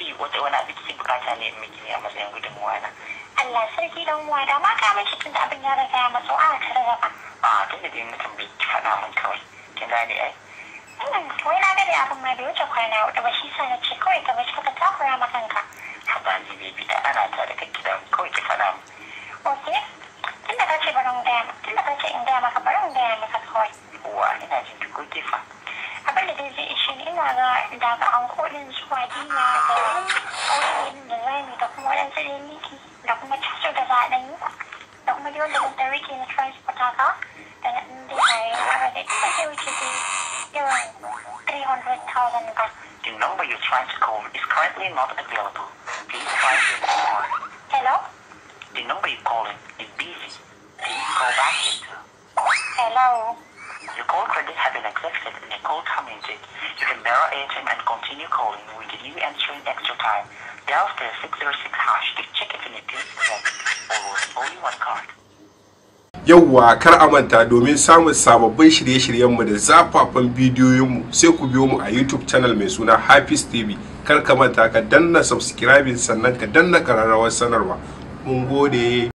maybe wata wani abu ke bukata ne miki ne a matsayin gudunmuwa na Allah sarki dan uwa da ma ka mace tun da abin ya riga ya matso a ka rarraba a tun da dai na tambayi ki faɗa min kawai kin gane ai mm, wai na ga da abin ma bai wuce kwana hudu ba shi sa na ce kawai ka mace ka takura ma kanka haba ni bai fita ana ta da gidan kawai ki faɗa min okay tun da ka ce barin gaya tun da ka ce in gaya maka barin gaya maka kawai wa ina jin duk kifa The number you tried to call is currently not available. Please try to call. Hello? The number you calling is busy. Please call back later. Hello? Your call credit has been accepted in the call terminated. You can borrow ATM and continue calling with the new entering extra time. Dial the 606 hash to check if in a place or only one card. Yauwa kar a manta domin samun sababbin shirye-shiryenmu da zafafan bidiyoyinmu sai ku biyo mu a YouTube channel mai suna Hafiz TV. Kar ka manta ka danna subscribing sannan ka danna kararrawar sanarwa. Mun gode.